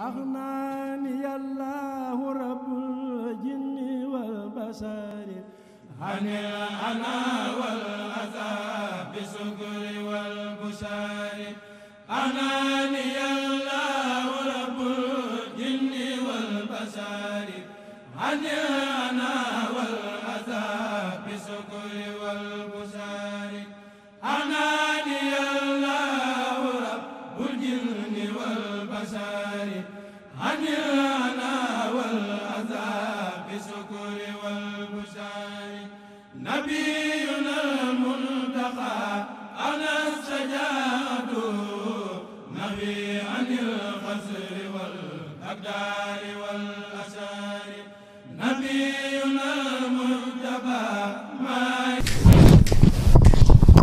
أغناني الله رب الجن والبشر عن أنا والأذى بسكر والبشار أناني الله رب الجن والبشر عن أنا والأذى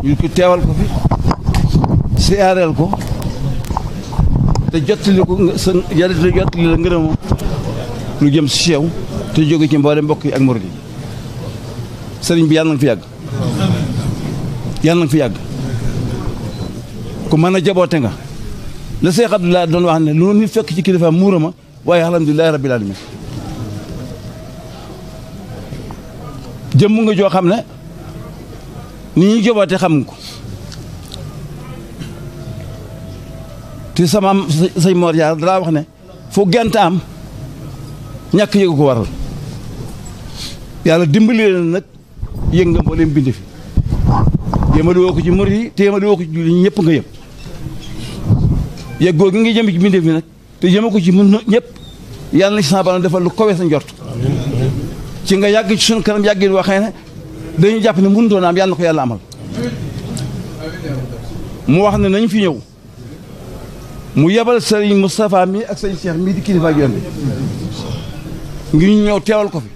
ñu ngi teewal ko fi siyaareel ko te jottali ko sa yàlla te la ngërëmam lu jëm si yow te jóge ci mboolem mbokk yi ak murid yi sëriñ bi yàlla na fi yàgg yàlla na fi yàgg ku mën a jaboote nga la Seex laa doon wax ne lu nit fekk ci kilifa muura ma waaye alhamdulilahi rabbil alamin jëmm nga joo xam ne ni ñuy jaboote xam ko te samaam sa Mor Diarra dalaa wax ne fu gent am ñàkk yëgu ko waral yàlla dimbali leen nag yég nga mboolem bind fi téema ko ci mur yi téema di ko ci julli ñëpp nga yëpp yëggoo gi nga jëm ci bindee fi nag te jëme ko ci mën ñëpp yàlla na ci sa bana defal lu kowee sa njort ci nga yàgg ci sunu kanam waxe waxee ne dañu jàpp ne mënu doon am yàlla ko yàlla amal mu wax ne nañu fi ñëw mu yebal sëriñ Moustapha mi ak sëriñ Cheikh mii di kilifa ak yoon bi ngi ñu ñëw teewal ko fi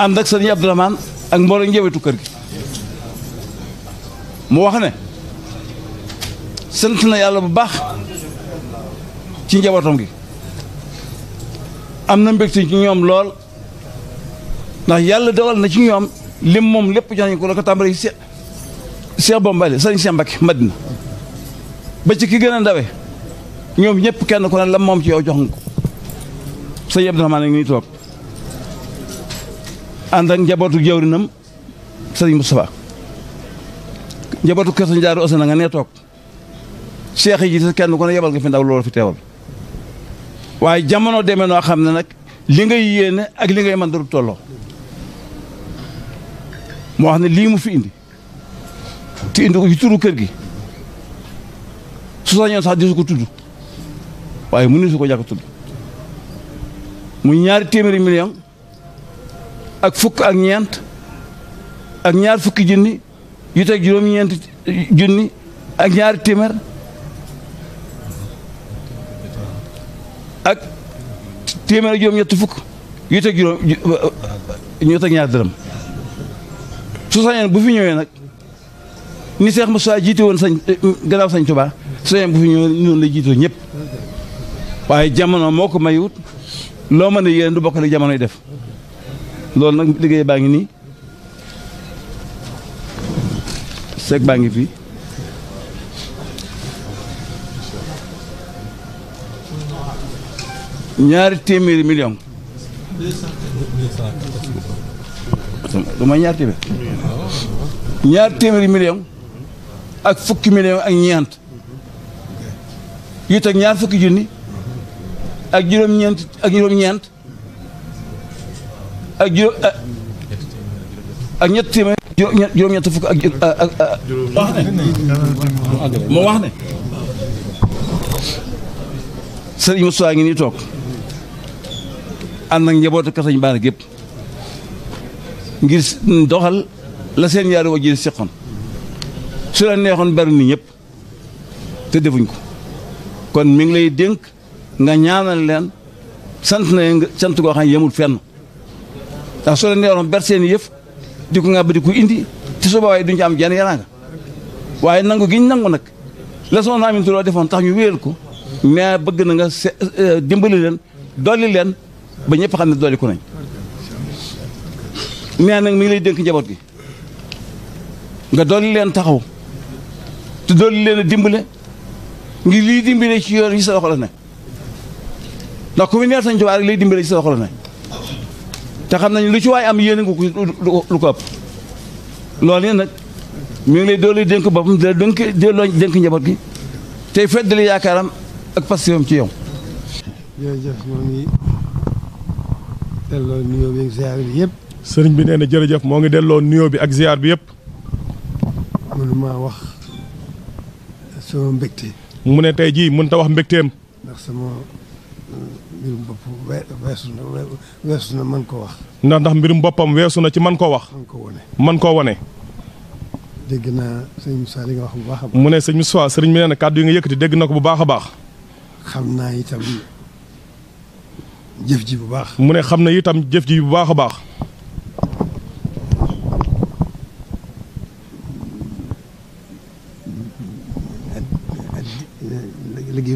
ànd ak sëriñ Abdourahmane ak mbooloo njëwetu kër gi mu wax ne sant na yàlla bu baax ci njabootam gi am na mbégte ci ñoom lool ndax yàlla dogal na ci ñoom lim moom lépp jox nañu ko la ko tàmbali Cheikh Cheikh Bombali sëriñ Cheikh Mbacké Madina ba ci ki gën a ndawe ñoom ñëpp kenn ku ne la mom ci yow jox nga ko sëñ Abdourahmane ngi nii toog ànd ak njabootu jëwrinam sëriñ Moustapha njabootu kessu sëñ Daaru Osé na nga ne tok cheikh yi ci kenn ku ne yebal nga fi ndaw lolu fi teewal waye jamono deme no xam nak li ngay yene ak li ngay man dur tolo mo xam ne lii mu fi indi te indi ko ci turu kër gi su sañoon sax disu ko tudd waaye mu ni su ko jàkk tudd mu ñaari téeméeri million ak fukk ak ñeent ak ñaar fukki junni yu teg juróom-ñeent junni ak ñaari téeméer ak téeméer juróom-ñetti fukk yu teg juróom ñu ñaar dërëm su sañoon bu fi ñëwee nag ni Cheikh Moussa jiite woon sañ eh, eh, gannaaw sañ Tuubaa sëñ bu fi ñëw noonu la jiitoo ñëpp waaye jamono moo ko mayut loo mën a yéen du bokkale jamonoy def loolu nag liggéey baa ngi nii seeg baa ngi fi ñaari téeméeri million du may ñaari téeméer ñaari téeméeri million ak fukki million ak ñeent yu teg ñaar fukki junni ak juróom-ñeent ak juróom-ñeent ak juróom ak ñett téeméer juróom-ñett fukk ak ak moo wax ne sëriñ Moussa ngi nii toog ànd ak njabootu kasañ baar gépp ngir doxal la seen yaari wajur seqoon su la neexoon bari ni ñep te defuñ ko kon mi ngi lay denk nga ñaanal len sant na nga sant go xam yamul fenn ndax so la neexon ber seen yef di nga ba di indi te so boobaa duñ ci am jenn yaranga waye nangu giñ nangu nak la son amin tu lo defon tax ñu wër ko mais bëgg na nga eh, eh, dimbali len doli len ba ñëpp xam ne ko nañ mais nak mi ngi lay denk njaboot gi nga doli len taxaw te doon leen a dimbale ngir lii dimbale ci yoon yi sa loxo ne ndax ku mu neex sañ Tuubaa rek lii dimbale ci sa loxo te xam nañ lu ci waay am yéen nga ko lu ko ëpp loolu ne nag mi ngi lay doolu dénk boppam di la dénk di njaboot gi tey feddali yaakaaram ak pastéefam ci yow. jërëjëf ñoo ngi bi yëpp. sëriñ bi nee na jërëjëf moo ngi delloo nuyoo bi ak ziar bi yëpp. mënuma wax. sama mbégte. mu ne tey jii mënut ta wax mbégteem. ndax sama uh, mbirum bopp weesu na weesu na koo wax. ndax ndax mbirum boppam weesu na ci man koo wax. mën koo wane mën koo wane. dégg naa sëñ Moussa li nga bu baax mu ne sëñ Moussa sëriñ mi nee na kàddu yi nga yëkkati dégg na ko bu baax a baax. xam naa itam jëf ji bu baax. mu ne xam na itam jëf ji bu baax a baax.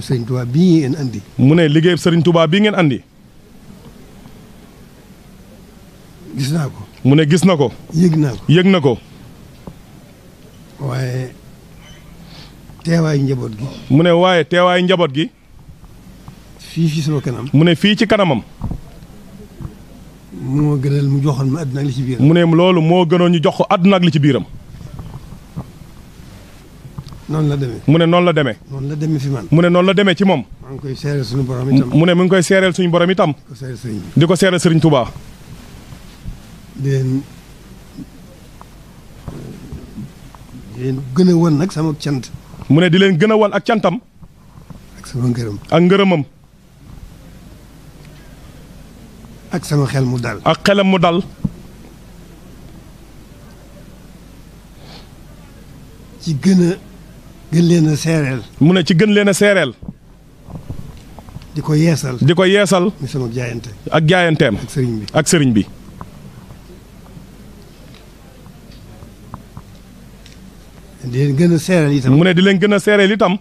sëriñ Touba bii ngeen andi. mu ne liggéeyub sëriñ Touba bii ngeen andi. gis naa ko. mu ne gis na ko. yég naa ko na ko. waaye teewaayu njaboot gi. mu ne waaye teewaayu njaboot gi. fii fii sama mu ne fii ci kanamam. moo gënal mu joxoon ma àdduna ak li mu ne loolu moo gënoon ñu jox ko àdduna ak li ci biiram. noonu la demee mu ne noonu la demee. noonu la demee fi man. mu ne noonu la demee ci moom. maa ngi koy seereel suñu borom itam. mu ne mu ngi koy seereel suñu borom itam. di ko seereel Serigne Touba. di leen di leen gën a wan nag sama cant. mu ne di leen gën a wan ak cantam. ak sama ak ngërëmam. ak sama xel mu dal. ak xelam mu dal. ci gën gën leen a seereel. mu ne ci gën leen a seereel. di ko yeesal. di ko yeesal. muy sama jaayante. ak jaayanteem. ak sëriñ bi ak sëriñ bi. di leen gën a seereel itam. mu ne di leen gën a seereel itam.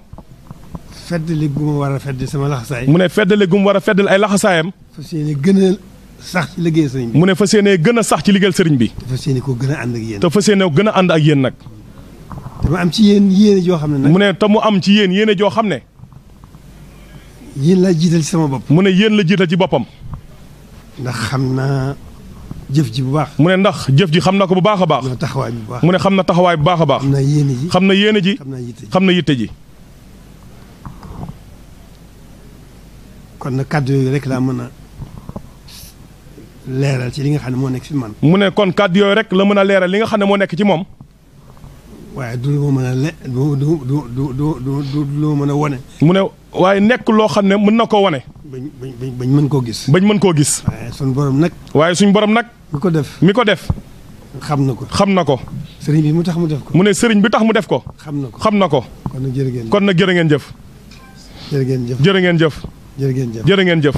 feddali gu ma war a feddali sama laxasaay. mu ne feddali gu ma war a feddali ay laxasaayam. fas yéene gën a sax ci liggéey sëriñ bi. mu ne fas yéene gën a sax ci liggéeyal sëriñ bi. te fas yéene ko gën a ànd ak yéen. te fas yéene gën a ànd ak yéen nag. te mu am ci xam ne nag. mu ne te mu am ci yéen yéene joo xam ne. yéen laa jiital sama bopp. mu ne yéen la jiital ci boppam. ndax xam naa jëf ji bu baax. mu ne ndax jëf ji xam na ko bu baax a baax. taxawaay bu baax mu ne xam na taxawaay bu baax a baax. xam na yéene ji xam na yéene ji. xam na yitte ji. kon nag kàddu yooyu rek laa mën a leeral ci li nga xam ne moo nekk ci man. mu ne kon kàddu yooyu rek la mën a leeral li nga xam ne moo nekk ci moom. waaye mën a le du du du du du mën a wone. mu ne waaye nekk loo xam ne mën na koo wone. bañ bañ bañ mën koo gis. bañ mën koo gis. waaye suñ borom nag. waaye suñ borom nag. mi ko def mi ko def. xam na ko xam na ko. sëriñ bi mu tax mu def ko. mu ne sëriñ bi tax mu def ko. xam na ko xam na ko. kon nag jërë ngeen jëf kon nag jërë ngeen jëf. jërë ngeen jëf jërë ngeen jëf. jërë ngeen jëf jërë ngeen jëf.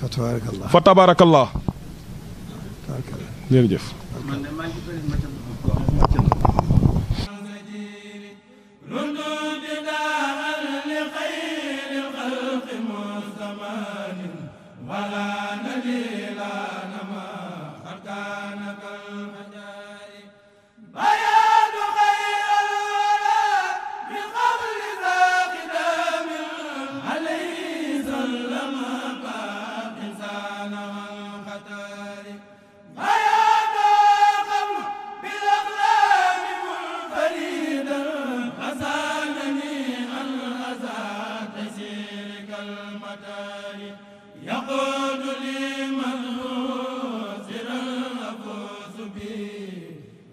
fa tabaarakallah fa tabaarakallah. jërëjëf. wala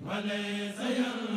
وليس يرضى